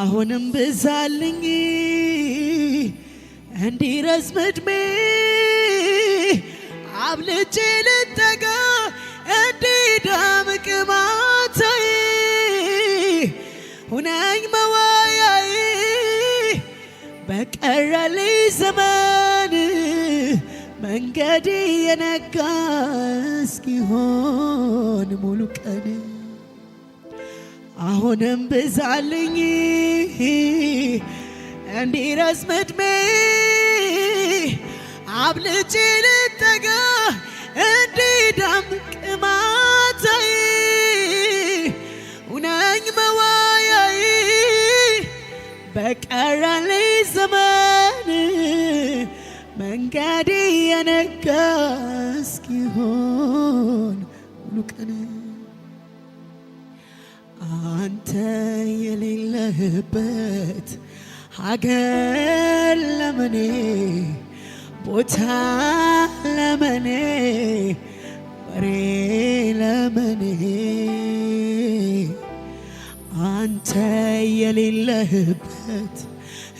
አሁንም ብዛልኝ እንዲረዝም ዕድሜ አብልጬ ልጠጋ እንዲደምቅ ማታዬ ሁነኝ መዋያዬ በቀረልኝ ዘመን መንገድ የነጋ እስኪሆን ሙሉ ቀን አሁንም ብዛልኝ እንዲረዝም ዕድሜ አብልጬ ልጠጋ እንዲደምቅ ማታይ ሁነኝ መዋያይ በቀረልኝ ዘመን መንገዴ የሆነህበት ሀገር ለመኔ ቦታ ለመኔ በሬ ለመኔ አንተ የሌለህበት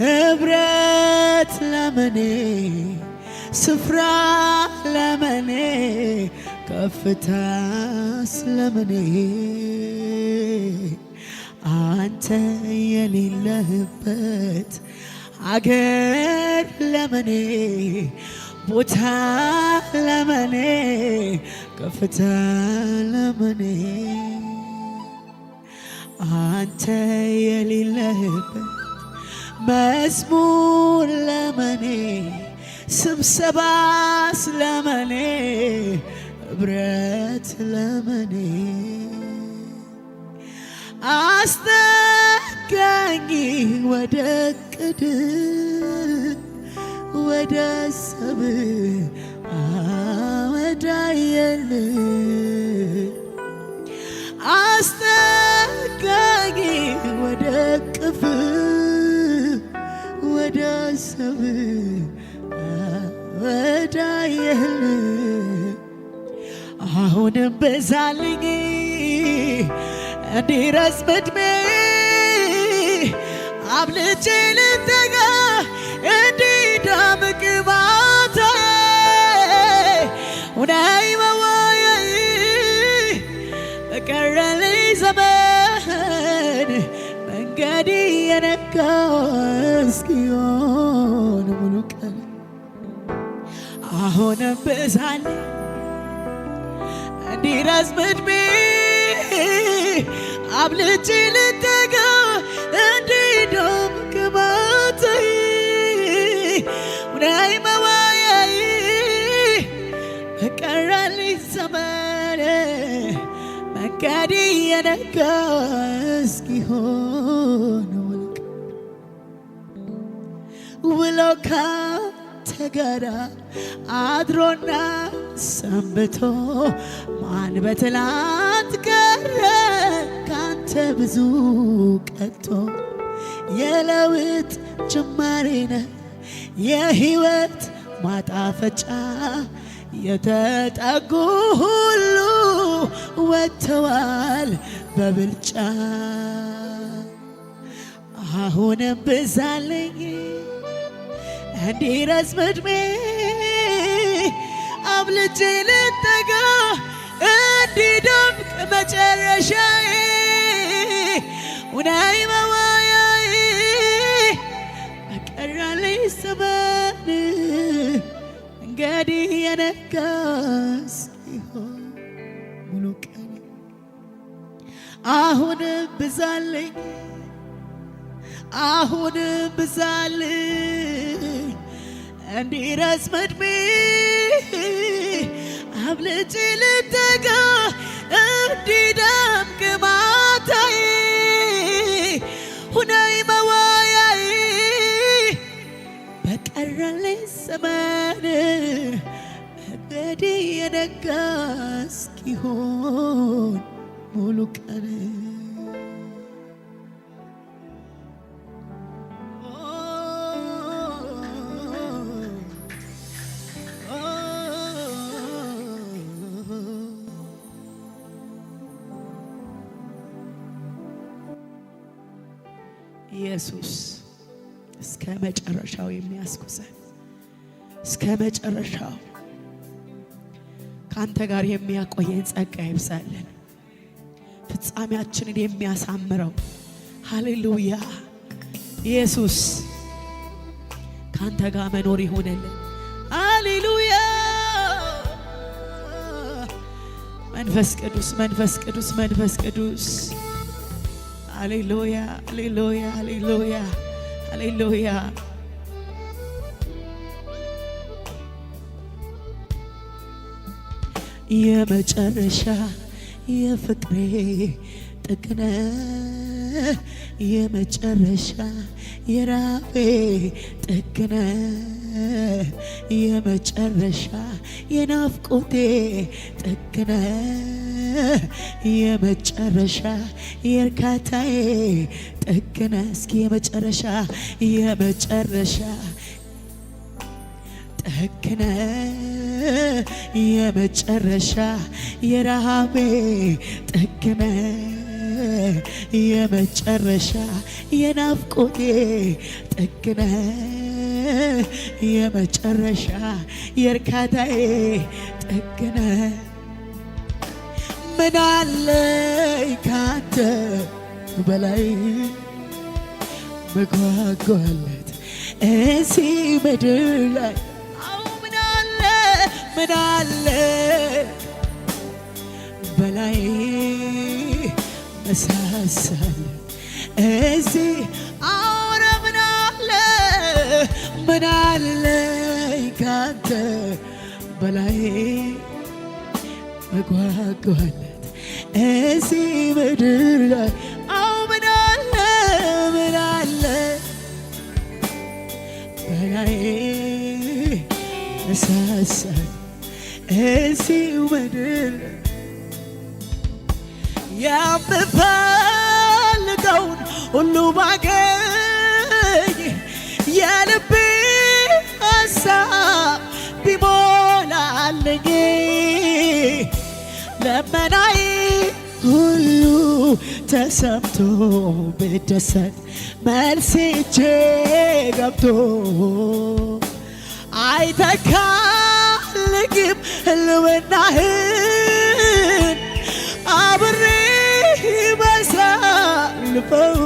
ህብረት ለመኔ ስፍራ ለመኔ ከፍታስ ለመኔ አንተ የሌለህበት አገር ለመኔ ቦታ ለመኔ ከፍታ ለመኔ አንተ የሌለህበት መዝሙር ለመኔ ስብሰባስ ለመኔ እብረት ለመኔ አስጠጋኝ ወደ ቅድ ወደ ሰብ አወዳየል አስጠጋኝ ወደ ቅፍ ወደ ሰብ አወዳየል አሁንም በዛልኝ እንዲረስ በዕድሜ አብልጬ ልተጋ እንዲዳምቅ ባታይ ሁናይ መዋያይ በቀረልኝ ዘመን መንገድ የነካ እስኪሆን ሙሉ ቀን አሁንም አብልጬ ልጠጋ እንዲደም ቅባትህ ውዳይ መዋያይ በቀረልኝ ዘመን መንገዴ የነጋ እስኪሆን ውልቅ ውሎ ካንተ ጋር አድሮና ሰንብቶ ማን በትላንት ቀረ አንተ ብዙ ቀጥቶ የለውጥ ጅማሬ ነህ የህይወት ማጣፈጫ የተጠጉ ሁሉ ወጥተዋል በብልጫ አሁንም ብዛለኝ እንዲረዝም እድሜ አብልጬ ልጠጋ እንዲደምቅ መጨረሻዬ ውዳይ መዋያይ በቀራለይ ሰበን እንግዲህ የነጋስ ይሆን ሙሉ ቀን አሁን ብዛልኝ አሁን ብዛልኝ እንዲረዝም ዕድሜ አብልጭ ልትጋ እንዲደምቅ ማታዬ ሁነይ መዋያይ በቀረለይ ዘመን መንገዴ የነጋ እስኪሆን ሙሉ ቀን ኢየሱስ እስከ መጨረሻው የሚያስኩሰን እስከ መጨረሻው ከአንተ ጋር የሚያቆየን ጸጋ ይብዛለን። ፍጻሜያችንን የሚያሳምረው ሃሌሉያ ኢየሱስ ከአንተ ጋር መኖር ይሆነልን። ሃሌሉያ መንፈስ ቅዱስ መንፈስ ቅዱስ መንፈስ ቅዱስ aleluya, aleluya, aleluya, aleluya. የመጨረሻ የፍቅሬ ጥግነ የመጨረሻ የራቤ ጥግነ የመጨረሻ የናፍቆቴ ጥግነ የመጨረሻ የእርካታዬ ጥግነ እስኪ የመጨረሻ የመጨረሻ ጥግነ የመጨረሻ የረሃቤ ጥግነ የመጨረሻ የናፍቆቴ ጥግነ የመጨረሻ የእርካታዬ ጥግነ ምን አለኝ ካንተ በላይ መጓጓለት እዚህ ምድር ላይ ምን አለ ምን አለ በላይ አውረ ምን አለ ምን አለኝ ካንተ በላይ መጓጓለት እዚህ ምድር ላይ አው ምን አለ ምን አለ በላይ መሳሳት እዚህ ምድር የምፈልገውን ሁሉ ባገኝ የልቤ ሀሳብ ቢሞላልኝ ለመናይ ተሰምቶ ብደሰት መልሴ እጄ ገብቶ አይተካልግም ህልውናህን አብሬ በሳልፈው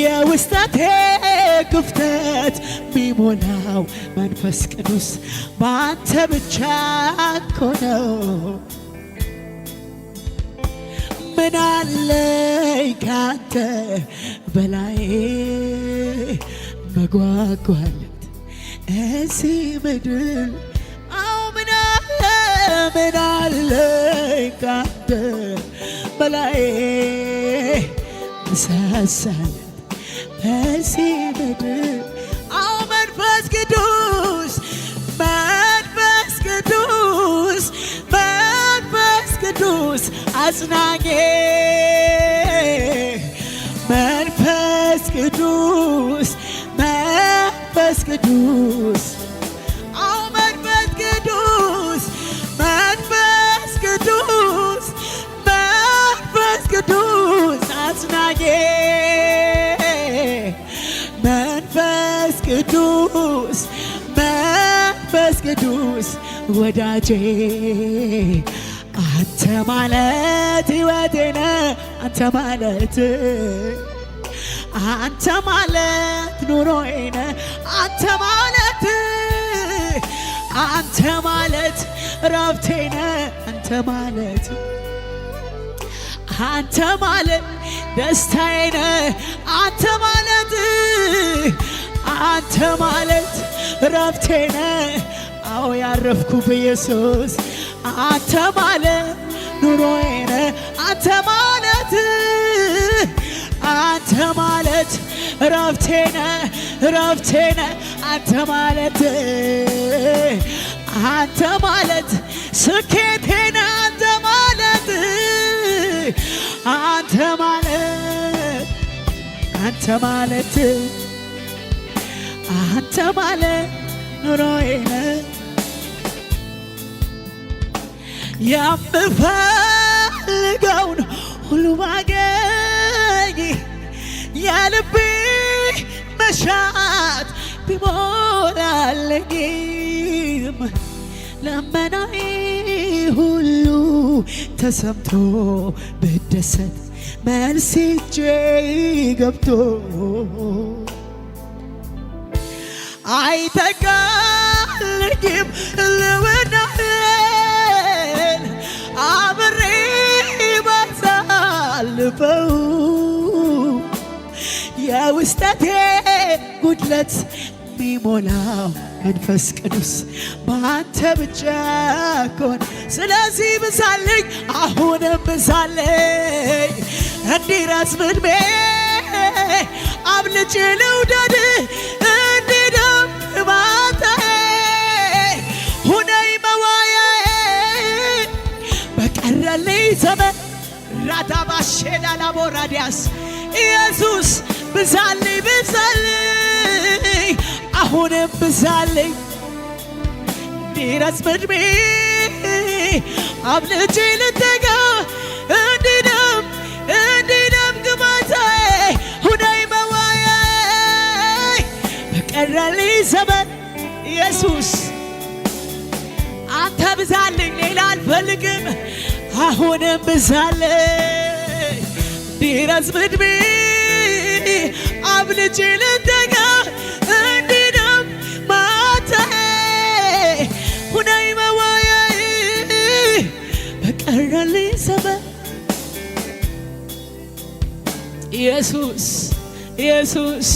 የውስጠቴ ክፍተት ሚሞላው መንፈስ ቅዱስ በአንተ ብቻ ኮነው ምናለኝ ካንተ በላይ መጓጓለት እዚህ ምድር አዎ ምናለ ምናለኝ ካንተ በላይ መሳሳለት እዚህ ምድር ቅዱስ አጽናኜ መንፈስ ቅዱስ መንፈስ ቅዱስ አዎ መንፈስ ቅዱስ መንፈስ ቅዱስ መንፈስ ቅዱስ አጽናኜ መንፈስ ቅዱስ መንፈስ ቅዱስ ወዳጄ አንተ ማለት ህይወቴ ነህ አንተ ማለት አንተ ማለት ኑሮዬ ነህ አንተ ማለት አንተ ማለት ረብቴ ነህ አንተ ማለት አንተ ማለት ደስታዬ ነህ አንተ ማለት አንተ ማለት ረብቴ ነህ አዎ ያረፍኩ በኢየሱስ አንተ ማለት ኑሮዬ ነህ አንተ ማለት አንተ ማለት እረፍቴ ነህ እረፍቴ ነህ አንተ ማለት አንተ ማለት ስኬቴ ነህ አንተ ማለት አንተ ማለት አንተ ማለት አንተ ማለት ኑሮዬ ነህ የምፈልገውን ሁሉ ባገኝ የልቤ መሻት ቢሞላልኝም ለመናዬ ሁሉ ተሰምቶ ብደሰት መልስ እጄ ገብቶ አይተቃልኝም ልውና አስበው የውስጠቴ ጉድለት ሚሞላው መንፈስ ቅዱስ በአንተ ብቻ ኮን ስለዚህ ብዛለኝ አሁንም ብዛለኝ እንዲረዝም ዕድሜ አብልጬ ልውደድ እንዲደም ባታዬ ሁነኝ መዋያዬ በቀረልኝ ዘመን ራዳባሼዳ ላቦ ራዲያስ ኢየሱስ ብዛልኝ ብዛልኝ አሁንም ብዛልኝ እንዲረዝም ዕድሜ አብልጬ ልተጋ እንዲደም እንዲደም ግማታዬ ሁነይ መዋያዬ በቀረልኝ ዘመን ኢየሱስ አንተ ብዛልኝ ሌላ አልፈልግም አሁንም ብዛለኝ ቢረዝም ዕድሜ አብልጬ ልተጋ እንዲነም ማታዬ ሁናይ መዋያዬ በቀረልኝ ዘመን ኢየሱስ ኢየሱስ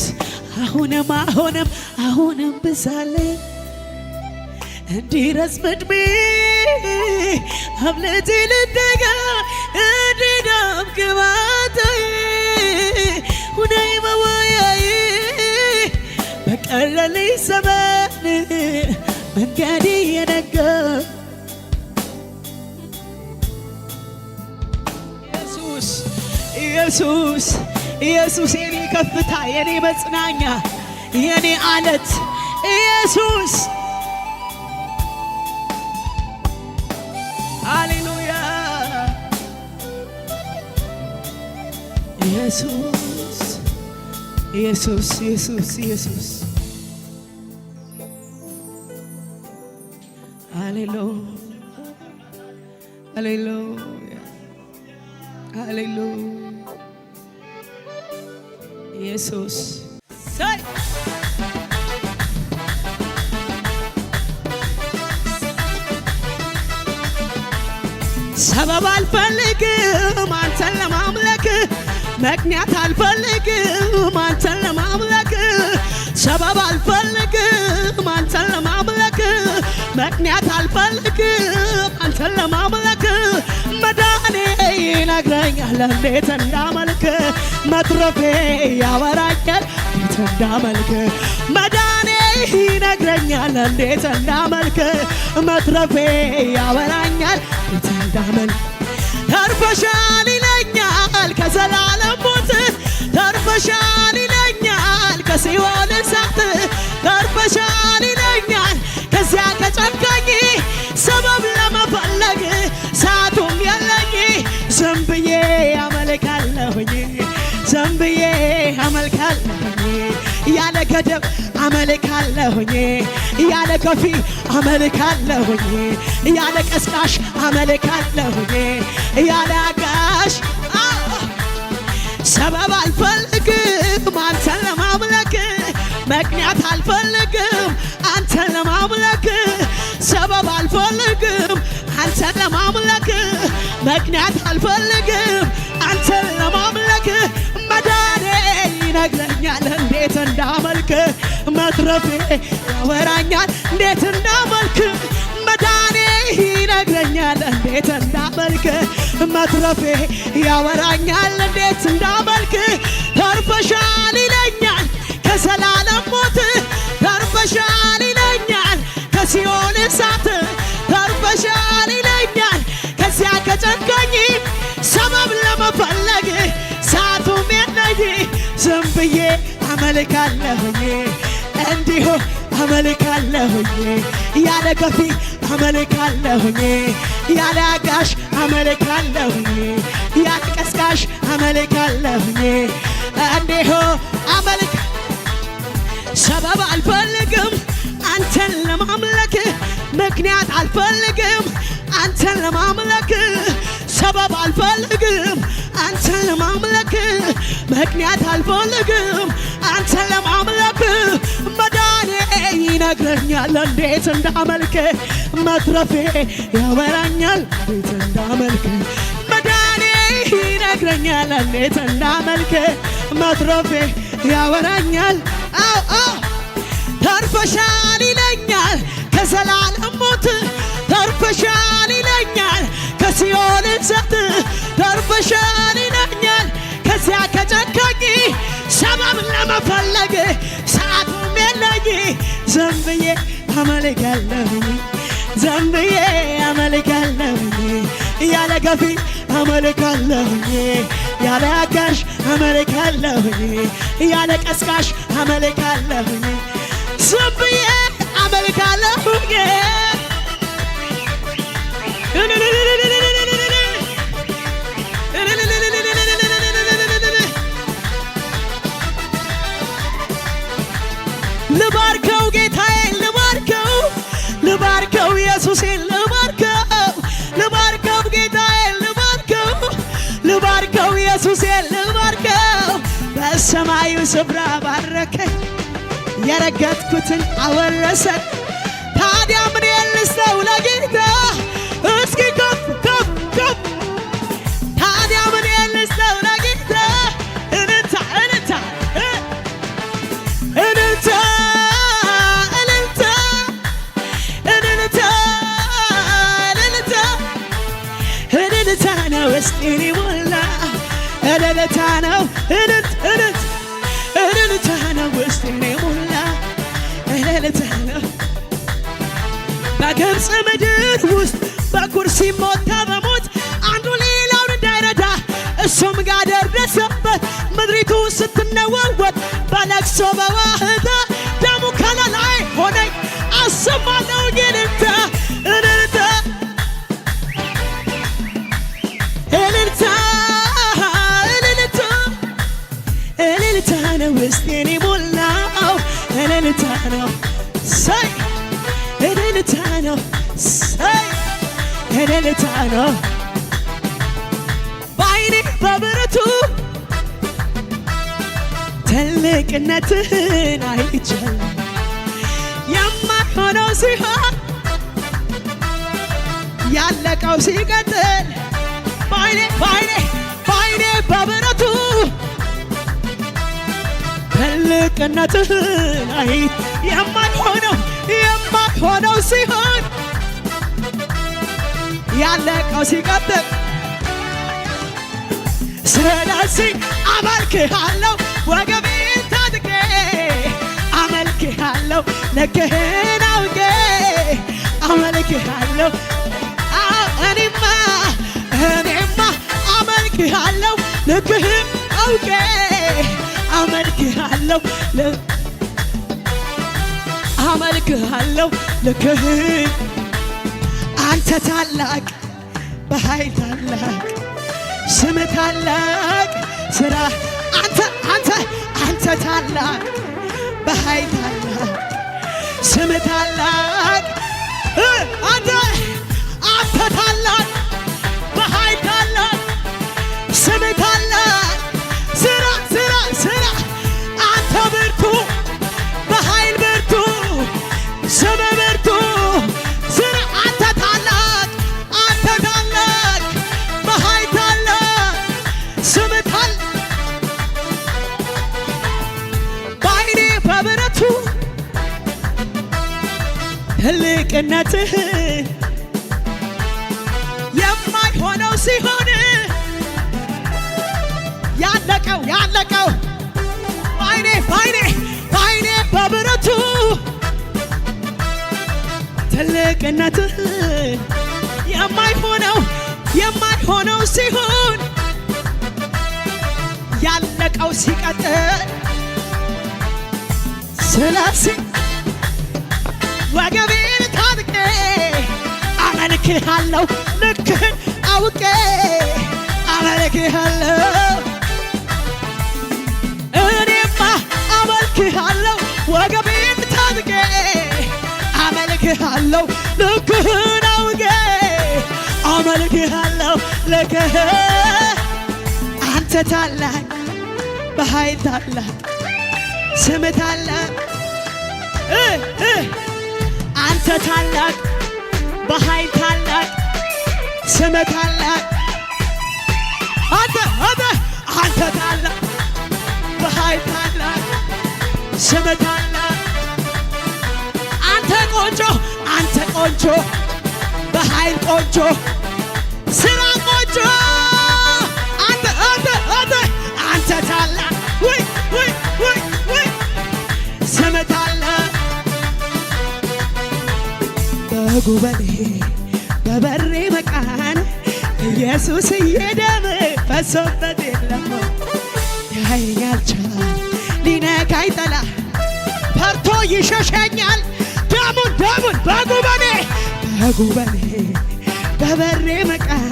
አሁንም አሁንም አሁንም ብዛለኝ እንዲረስ እድሜ አብለቴ ልደጋ እንዲዳም ግባታዬ ሁነይ መዋያዬ በቀለለይ ዘመን መንገድ የነጋ ኢየሱስ ኢየሱስ ኢየሱስ የኔ ከፍታ የኔ መጽናኛ የኔ አለት ኢየሱስ ኢየሱስ ኢየሱስ ኢየሱስ ኢየሱስ ሃሌሉያ ሃሌሉያ ኢየሱስ ሰበብ አልፈልግም አንተን ለማምለ ምክንያት አልፈልግም አንተን ለማምለክ ሰበብ አልፈልግም አንተን ለማምለክ ምክንያት አልፈልግም አንተን ለማምለክ መዳኔ ይነግረኛል እንዴት እንዳመልክ መትረፌ ያወራኛል እንዴት እንዳመልክ መዳኔ ይነግረኛል እንዴት እንዳመልክ መትረፌ ያወራኛል እንዴት እንዳመልክ ተርፈሻል ይለኛል ከዘላለም ሞት ተርፈሻል ይለኛል ከሲኦል እሳት ተርፈሻል ይለኛል ከዚያ ከጨካኝ ሰበብ ለመፈለግ ሰዓቱም የለኝ ዝም አመልካለሁኝ ዝም አመልካለሁኝ ያለ ገደብ አመልካለሁኝ ያለ ከፊ አመልካለሁኝ ያለ ቀስቃሽ አመልካለሁኝ ያለ ሰበብ አልፈልግም አንተን ለማምለክ ምክንያት አልፈልግም አንተን ለማምለክ ሰበብ አልፈልግም አንተን ለማምለክ ምክንያት አልፈልግም አንተን ለማምለክ መዳኔ ይነግረኛል እንዴት እንዳመልክ መትረፌ ያወራኛል እንዴት እንዳመልክ ይነግረኛል እንዴት እንዳመልክ መትረፌ ያወራኛል እንዴት እንዳመልክ ተርፈሻል ይለኛል ከሰላለም ሞት ተርፈሻል ይለኛል ከሲኦል እሳት ተርፈሻል ይለኛል ከዚያ ከጨካኝ ሰበብ ለመፈለግ ሳቱም የለኝ ዝም ብዬ አመልካለሁኝ እንዲሁ አመልካለሁኝ ያለ ከፊ አመልካለሁኝ ያለ አጋሽ አመልካለሁኝ ያለ ቀስቃሽ አመልካለሁኝ እንዲሁ አመልክ ሰበብ አልፈልግም አንተን ለማምለክ ምክንያት አልፈልግም አንተን ለማምለክ ሰበብ አልፈልግም አንተን ለማምለክ ምክንያት አልፈልግም አንተን ለማምለክ ይነግረኛል እንዴት እንዳመልክ መትረፌ ያበራኛል እንዴት እንዳመልክ መዳኔ ይነግረኛል እንዴት እንዳመልክ መትረፌ ያበራኛል አው አው ተርፈሻል ይለኛል ከዘላለም ሞት ተርፈሻል ይለኛል ከሲኦል እንሰት ተርፈሻል ይለኛል ከዚያ ከጨካኝ ሰበብ ለመፈለግ ሰዓቱም የለኝ ዘንብዬ አመልካለሁኝ ዘንብዬ አመልካለሁኝ ያለ ገፊ አመልካለሁኝ ያለ አጋዥ አመልካለሁኝ ያለ ቀስቃሽ አመልካለሁኝ ዘንብዬ አመልካለሁኝ ስፍራ ባረከኝ፣ የረገጥኩትን አወረሰን። ታዲያ ምን የልሰው ለጌታ እስኪ ከፍ ከፍ ከፍ። ታዲያ ምን የልሰው ለጌታ እንታ እንታ እንታ እንታ እንታ እንታ ነው ውስጤን የሞላ እልልታ ነው እልት እልት ውስጥሜሙላ እለልታለ በግብፅ ምድር ውስጥ በኩር ሲሞታ በሞት አንዱ ሌላውን እንዳይረዳ እሱም ጋር ደረሰበት። ምድሪቱ ስትነወወጥ በለቅሶ በዋህታ ደሙ ከለላይ ሆነኝ አሰማለሁ እልልታ እልልታ እልልታ እልልታ እልልታ ነው ውስጤ ነው ሳይ እልልታ ነው ሳይ እልልታ ነው በአይኔ በብረቱ ትልቅነትህን አይቻል የማይሆነው ሲሆን ያለቀው ሲቀጥል በአይኔ በአይኔ በአይኔ በብረቱ ትልቅነትህን አይ የማትሆነው የማትሆነው ሲሆን ያለቀው ሲቀጥል ስለዚህ አመልክሃለሁ ወገቤ ታጥቄ አመልክሃለሁ ልክህን አውቄ አመልክሃለሁ እኔማ እኔማ አመልክሃለሁ ልክህን አውቄ አመልክሃለሁ አመልክሃለሁ ልክህ አንተ ታላቅ በኃይል ታላቅ ስም ታላቅ ስራ አንተ አንተ አንተ ታላቅ በኃይል ታላቅ ስም ታላቅ አንተ አንተ ታላቅ ቅንነትህ የማይሆነው ሲሆን ያለቀው ያለቀው ባይኔ ባይኔ ባይኔ በብረቱ ትልቅነትህ የማይሆነው የማይሆነው ሲሆን ያለቀው ሲቀጥል ስለሲ ወገቤ አረ ልክሃለው ልክህን አውቄ አረ ልክሃለው እኔማ አመልክሃለው ወገቤን ታጥቄ አመልክሃለው ልክህን አውቄ አመልክሃለው ልክህ አንተ ታላቅ በኃይል ታላቅ ስም ታላቅ አንተ ታላቅ፣ በኃይል ታላቅ፣ ስመ ታላቅ አንተ አንተ አንተ ታላቅ፣ በኃይል ታላቅ፣ ስመ ታላቅ አንተ ቆንጆ አንተ ቆንጆ በኃይል ቆንጆ ስራ ቆንጆ አንተ አንተ አንተ አንተ ታላቅ ወይ ወይ ወይ ወይ ስመ ታላቅ በጉበኔ በበሬ መቃን ኢየሱስ እየደም ፈሶበት የለም ያየኛል ቻል ሊነካኝ ጠላ ፈርቶ ይሸሸኛል ደሙን ደሙን በጉበኔ በጉበኔ በበሬ መቃን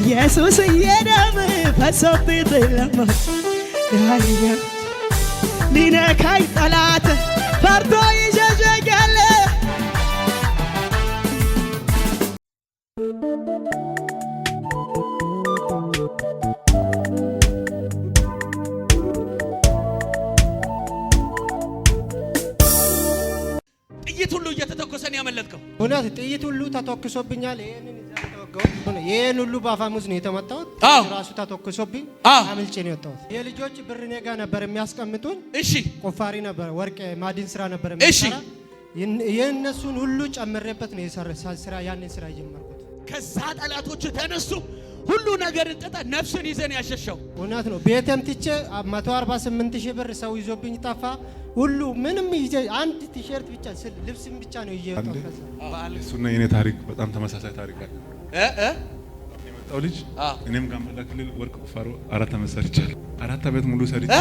ኢየሱስ እየደም ፈሶበት የለም ያየኛል ሊነካኝ ጠላት ፈርቶ ይሸ ጥይት ሁሉ ተተኩሶብኛል። ይህን ሁሉ በአፋሙዝ ነው የተመታሁት። ራሱ ተተኩሶብኝ አምልጬ ነው የወጣሁት። የልጆች ብር እኔ ጋ ነበር የሚያስቀምጡኝ። እሺ፣ ቁፋሪ ነበር፣ ወርቅ ማዕድን ስራ ነበር። እሺ፣ የእነሱን ሁሉ ጨምሬበት ነው ስራ ያንን ስራ የጀመርኩት ከዛ ጠላቶች ተነሱ ሁሉ ነገር ጥጠ ነፍስን ይዘን ያሸሸው እውነት ነው። ቤተም ትቼ 148 ሺህ ብር ሰው ይዞብኝ ጠፋ። ሁሉ ምንም ይዤ አንድ ቲሸርት ብቻ ልብስም ብቻ ነው ይዤ እሱና የኔ ታሪክ በጣም ተመሳሳይ ታሪክ አለ። እ እ የመጣው ልጅ እኔም ጋምቤላ ክልል ወርቅ ቁፋሮ አራት ዓመት ሰርቻለሁ። አራት ዓመት ሙሉ ሰርቼ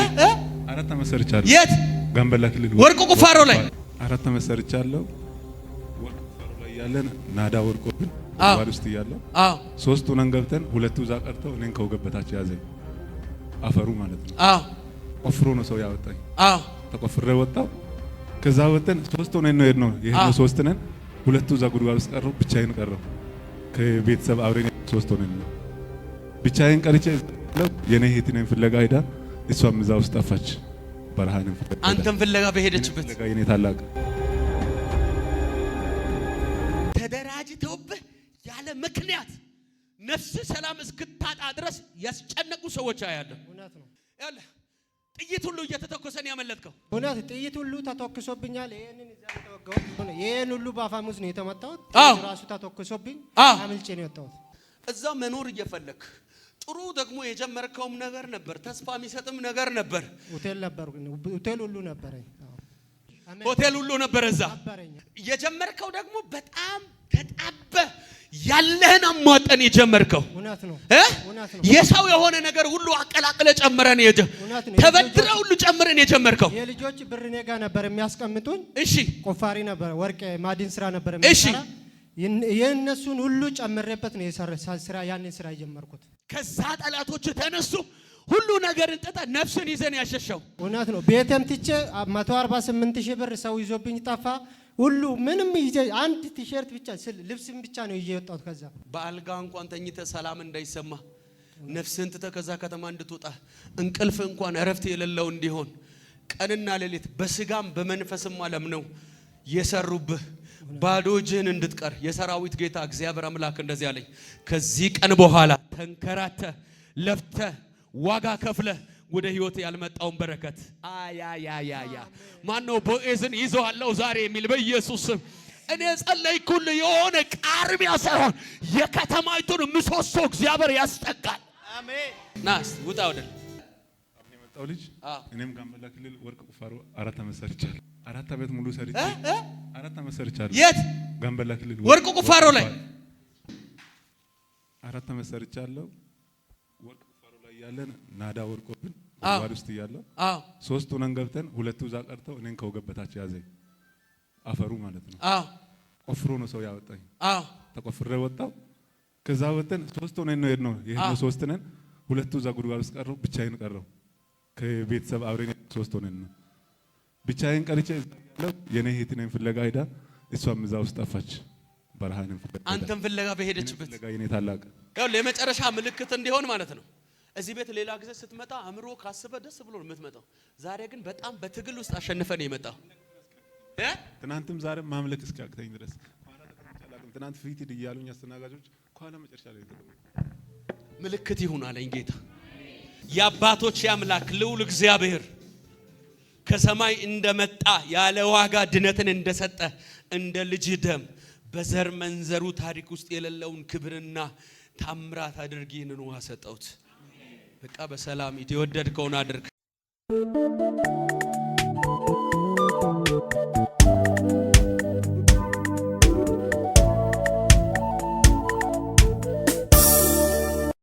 አራት ዓመት ሰርቻለሁ። የት ጋምቤላ ክልል ወርቅ ቁፋሮ ላይ አራት ዓመት ሰርቻለሁ። ወርቅ ቁፋሮ ላይ ያለን ናዳ ወርቆብን ተማሪ ውስጥ እያለሁ ሶስት ሆነን ገብተን ሁለቱ እዛ ቀርተው እኔን ከወገብ በታች ያዘኝ። አፈሩ ማለት ነው። ቆፍሮ ነው ሰው ያወጣኝ። ተቆፍሬ ወጣው። ከዛ ወጥተን ሶስት ሆነን ነው የሄድነው። የሄድነው ሶስት ነን። ሁለቱ እዛ ጉድጓድ ውስጥ ቀረሁ። ብቻዬን ቀረሁ። ከቤተሰብ አብረን ሶስት ሆነን ነው ብቻዬን ቀርቼ የኔ እህቴን ፍለጋ ሄዳ እሷም እዛ ውስጥ ጠፋች። በረሃን ፍለጋ አንተም ፍለጋ በሄደችበት ነፍስ ሰላም እስክታጣ ድረስ ያስጨነቁ ሰዎች አያለሁ። ጥይት ሁሉ እየተተኮሰን ያመለጥከው እውነት ጥይት ሁሉ ተተኩሶብኛል። ይሄንን እዛ የተወጋሁት ይሄን ሁሉ በአፋሙዝ ነው የተመታሁት። ራሱ ተተኩሶብኝ አምልጬ ነው የወጣሁት። እዛ መኖር እየፈለክ ጥሩ ደግሞ የጀመርከውም ነገር ነበር፣ ተስፋ የሚሰጥም ነገር ነበር። ሆቴል ነበር፣ ሆቴል ሁሉ ነበረኝ፣ ሆቴል ሁሉ ነበር እዛ የጀመርከው ደግሞ በጣም ተጣበ ያለህን አሟጠን የጀመርከው የሰው የሆነ ነገር ሁሉ አቀላቅለ ጨምረን የጀ ተበድረ ሁሉ ጨምረን የጀመርከው የልጆች ብር እኔ ነበር የሚያስቀምጡኝ። እሺ፣ ቆፋሪ ነበር፣ ወርቅ ማዲን ስራ ነበር። እሺ፣ የእነሱን ሁሉ ጨምሬበት ነው ስራ ያንን ስራ የጀመርኩት። ከዛ ጠላቶች ተነሱ። ሁሉ ነገር እንጠጣ ነፍስን ይዘን ያሸሸው እውነት ነው። ቤተም ትቼ 148 ሺህ ብር ሰው ይዞብኝ ጠፋ። ሁሉ ምንም ይዤ አንድ ቲሸርት ብቻ ስል ልብስም ብቻ ነው ይዤ የወጣሁት። ከዛ በአልጋ እንኳን ተኝተ ሰላም እንዳይሰማ ነፍስህን ትተ ከዛ ከተማ እንድትወጣ እንቅልፍ እንኳን እረፍት የሌለው እንዲሆን ቀንና ሌሊት በስጋም በመንፈስም ዓለም ነው የሰሩብህ። ባዶ እጅህን እንድትቀር የሰራዊት ጌታ እግዚአብሔር አምላክ እንደዚህ አለኝ። ከዚህ ቀን በኋላ ተንከራተ ለፍተ ዋጋ ከፍለ ወደ ህይወት ያልመጣውን በረከት አያያያያ ማነው ቦዔዝን ይዘዋለሁ ዛሬ የሚል በኢየሱስ ስም እኔ ጸለይኩል የሆነ ቃርሚያ ሳይሆን የከተማይቱን ምሰሶ እግዚአብሔር ያስጠጋል። ናስ ውጣ ወደ የመጣው ልጅ እኔም ጋምቤላ ክልል ወርቅ ቁፋሮ አራት ዓመት ሰርቻለሁ። አራት ዓመት ሙሉ ሰርቼ አራት ዓመት ሰርቻለሁ። የት ጋምቤላ ክልል ወርቅ ቁፋሮ ላይ አራት ዓመት ሰርቻለሁ። እያለን ናዳ ወድቆብን ጉድጓድ ውስጥ እያለው ሶስት ሆነን ገብተን ሁለቱ እዛ ቀርተው እኔን ከወገብ ያዘኝ። አፈሩ ማለት ነው። ቆፍሮ ነው ሰው ያወጣኝ። ተቆፍሬ ወጣው። ከዛ ወጥተን ሶስት ሆነን ነው የሄድነው። ይህን ሶስት ነን። ሁለቱ እዛ ጉድጓድ ውስጥ ቀረው፣ ብቻዬን ቀረው። ከቤተሰብ አብረን ሶስት ሆነን ነው። ብቻዬን ቀርቼ ያለው የኔ እህት እኔን ፍለጋ ሄዳ እሷም እዛ ውስጥ ጠፋች። በረሃንም ፍለጋ አንተም ፍለጋ በሄደችበት ፍለጋ የኔ ታላቅ ያው የመጨረሻ ምልክት እንዲሆን ማለት ነው። እዚህ ቤት ሌላ ጊዜ ስትመጣ አእምሮ ካስበ ደስ ብሎ ነው የምትመጣው። ዛሬ ግን በጣም በትግል ውስጥ አሸንፈን የመጣ ትናንትም ዛሬ ማምለክ እስኪያቅተኝ ድረስ ትናንት ፊት እያሉኝ አስተናጋጆች ከኋላ መጨረሻ ላይ ምልክት ይሁን አለኝ ጌታ። የአባቶች የአምላክ ልዑል እግዚአብሔር ከሰማይ እንደመጣ ያለ ዋጋ ድነትን እንደሰጠ እንደ ልጅ ደም በዘር መንዘሩ ታሪክ ውስጥ የሌለውን ክብርና ታምራት አድርጊ ይህንን ሰጠውት። በቃ በሰላም የተወደድከውን አድርግ።